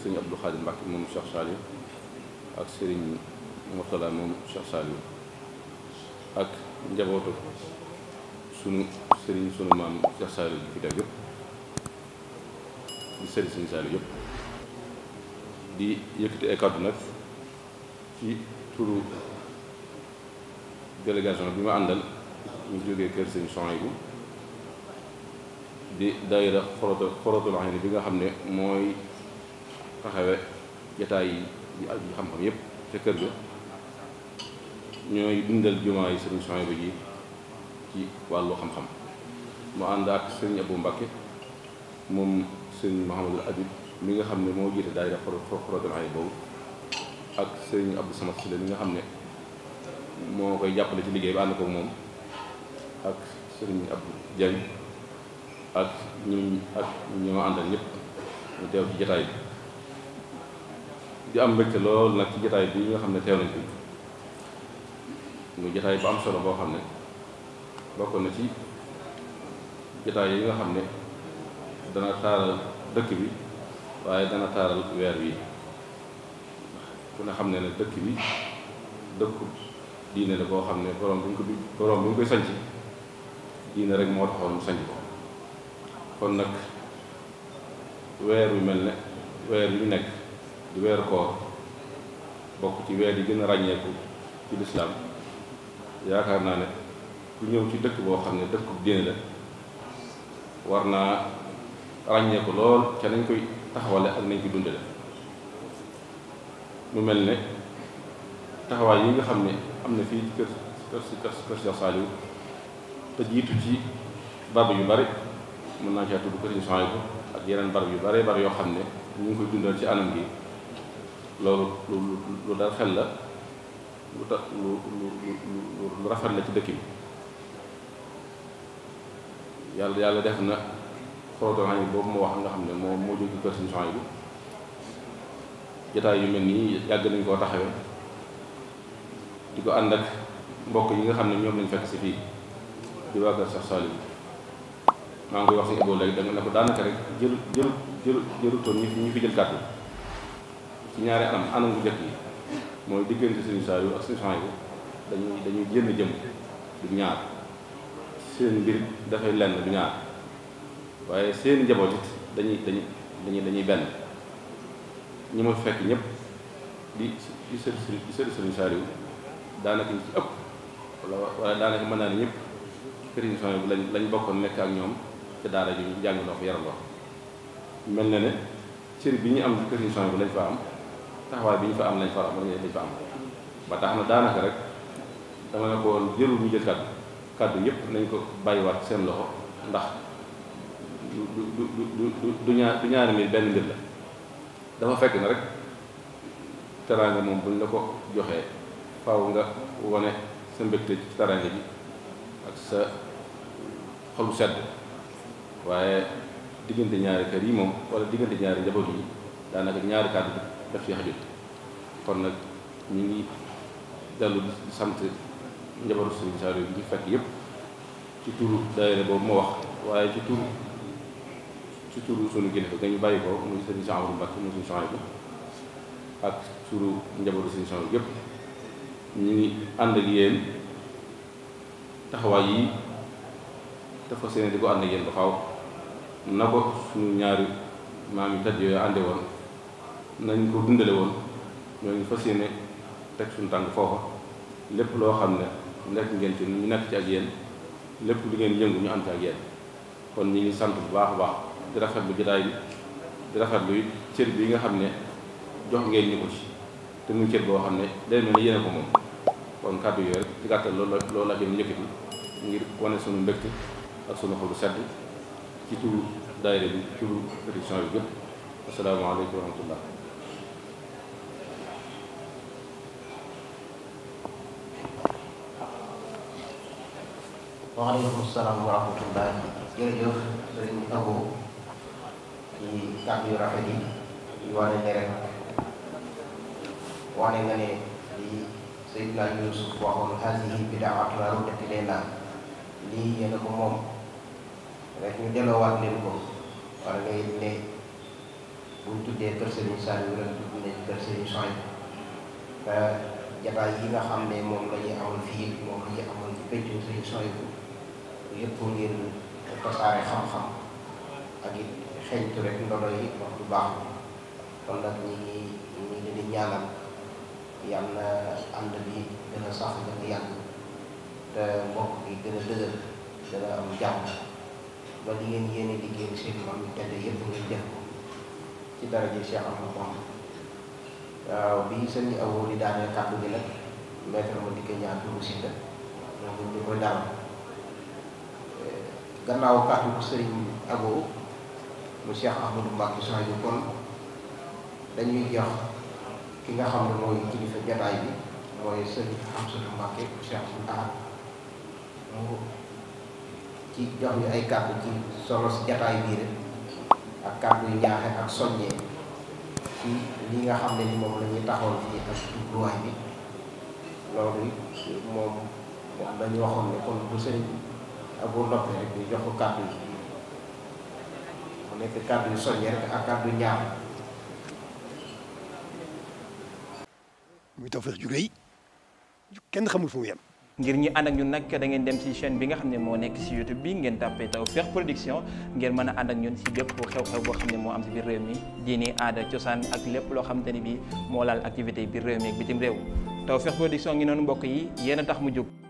sëñ Abdou Khadim Mbacke moomu Cheikh Saliou ak sëriñ Mourtala moomu Cheikh Saliou ak njabootu sunu sëriñ sunu maam Cheikh Saliou bi fi teew yëpp di sëriñ sëriñ Saliou yëpp di yëkkati ay nag ci turu délégation bi ma àndal ñu jógee kër sëñ Souhaïbou di daayira xoroto xorotul ayni bi nga xam ne mooy taxawe jataay yi ak yi xam-xam yëpp ca kër ga ñooy dundal jumaa yi sëriñ Souhaïbou ji ci wàllu xam-xam mu ànd ak sëriñ Abou Mbacké moom sëriñ Mouhamadul Adib mi nga xam ne moo jiite daayira Xuratul Ayni boobu ak sëriñ nga xam ne moo koy jàppale ci liggéey bi ànd ko moom ak sëriñ Abdou Diagne ak ñi àndal ñëpp ñu teew ci jataay bi di am mbégte lool nag ci jataay bi nga xam ne teew nañ fi muy jataay bu am solo boo xam ne bokk na ci jataay yi nga xam ne dana taaral dëkk bi waaye dana taaral weer wi ku ne xam ne ne dëkk bi dëkku diine la boo xam ne borom bu ñu ko bi borom bu ñu koy sanc diine rek moo taxoon mu sanc ko kon nag weer wi mel ne weer wi nekk di weeru koor bokk ci weer yi gën a ràññeeku ci lislaam yaakaar naa ne ku ñëw ci dëkk boo xam ne dëkkub diine la war naa ràññeeku lool ca nañ koy taxawale ak nañ koy dundale mu mel ne taxawaay yi nga xam ne am na fii kër kër si kër si Saaliw te jiitu ci barab yu bari mën naa caa tudd kër si Saaliw ak yeneen barab yu bare bari yoo xam ne ñu ngi koy dundal ci anam gi loolu lu lu dal xel la lu tax lu lu lu rafet na ci dëkk bi yàlla yàlla def na programme yi boobu mu wax nga xam ne moo moo jóge kër suñu yi jotaay yu mel nii yàgg nañu koo taxawee di ko ànd ak mbokk yi nga xam ne ñoom lañu fekk si fii di waa kër Cheikh maa ngi koy wax si Ibo léegi da nga ne ko daanaka rek jël jël jël jëlutoon ñi fi ñi fi jël kàddu ci ñaari anam anam bu njëkk yi mooy diggante Serigne Saliou ak Serigne Souhaïbou dañuy dañuy jënd jëm du ñaar seen mbir dafay lenn du ñaar waaye seen njaboot it dañuy dañuy dañuy benn ñi ma fekk ñëpp di di sër di sër Serigne Saliou daanaka ñu ci ëpp wala wala daanaka mën naa ne ñëpp Serigne Souhaïbou lañ lañ bokkoon nekk ak ñoom te daara ju ñu jàng ndox yaram ndox mel na ne cër bi ñu am ci Serigne Souhaïbou lañ fa am. taxawaay bi ñu fa am lañ fa am lañ fa am ba tax na daanaka rek dama ne ko woon jërul ñu jël kàddu kàddu yëpp nañ ko bàyyiwaat seen loxo ndax du du du du ñaar du ñaari mbir benn mbir la dafa fekk na rek teraanga moom buñ la ko joxee faaw nga wane sa mbégte ci teraanga bi ak sa xolu sedd waaye diggante ñaari kër yi moom wala diggante ñaari njaboot yi daanaka ñaari kàddu daf ci xajut kon nag ñu ngi dellu di sant njabootu Sëriñ Saliou bi ñu fekk yëpp ci turu daayira boobu ma wax waaye ci turu ci turu sunu kilifa nga ñu bàyyi ko muy Sëriñ Saliou Mbacke muy suñu Saliou bi ak ñu ngi ànd ak yéen taxawaay yi dafa seen di ko ànd ak yéen ba faaw na ko suñu ñaari maam yi tëdd yooyu ànde woon nañ ko dundale woon ñoo ngi fas yéene teg suñu tànk foofa lépp loo xam ne nekk ngeen ci ñu nekk ci ak yéen lépp lu ngeen yëngu ñu am ci ak yéen kon ñi ngi sant bu baax a baax di rafetlu jotaay bi di rafetlu cër bi nga xam ne jox ngeen ñu ko ci te muy cër boo xam ne day mel ni ko moom kon kàddu yooyu rek ci gàttal loolu la loolu la jëm yëkkati ngir wane suñu mbégte ak suñu xolu sedd ci turu daayira bi ci turu bi yëpp asalaamaaleykum wa rahmatullah waaleykum salaam wa rahmatullah jërëjëf sëriñ Abo ci kàddu yu rafet yi yu wane ne rek wane nga ne li Seydina Yusuf waxoon haasihi bidaawatuna ruddati ilayna lii yéen a ko moom rek ñu delloowaat leen ko wala ngay ne buñ tuddee kër sëriñ Saliou rek tudd nañ kër sëriñ Sohaybu te jataay yi nga xam ne moom la ñuy amal fii moom la ñuy amal ci péccu sëriñ Sohaybu yëpp ngir tasaare xam-xam ak it xeeñtu rek ndono yi wax du baax kon nag ñi ngi ñi ngi leen di ñaanal yàlla ànd bi gën a sax yàgg te mbokk bi gën a dëgër dana am jàmm ba li ngeen yéene liggéey seen moom yi tedd yëpp ngeen def ko ci daraje Cheikh Ahmadou Bamba waaw bi sëñ Awo di daaneel kàddu gi nag ma dikke ñaar turu si la donc ñu koy daal gannaaw kàddu sëriñ Abo mu Cheikh Ahmadou Mbacke Sadio kon dañuy jox ki nga xam ne mooy kilifa jataay bi mooy sëriñ Hamsatou Mbacke Cheikh Ahmad mu ci jox ñu ay kàddu ci solo si jataay bii rek ak kàddu yu ñaaxe ak soññee ci li nga xam ne ni moom lañuy ñuy taxawal fii ak jubluwaay bi loolu moom moom dañu waxoon ne kon bu sëriñ ak bu noppee rek ñu jox ko kàddu yi mu nekk kàddu yu kenn xamul fu mu yem. ñu ànd ak nag da ngeen dem ci chaîne bi nga xam ne moo nekk ci YouTube bi ngeen tàppee Tawfekh Production ngeen mën a ànd ak ñun ci bépp xew-xew boo xam ne moo am ci biir réew mi diini aada cosaan ak lépp loo xamante ni bi moo laal activité biir réew mi bitim réew Tawfekh Production ngi noonu mbokk yi yéen tax mu jóg.